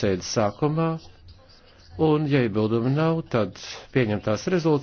sēdes sākumā, un, ja iebildumi nav, tad pieņemtās rezolūcijas.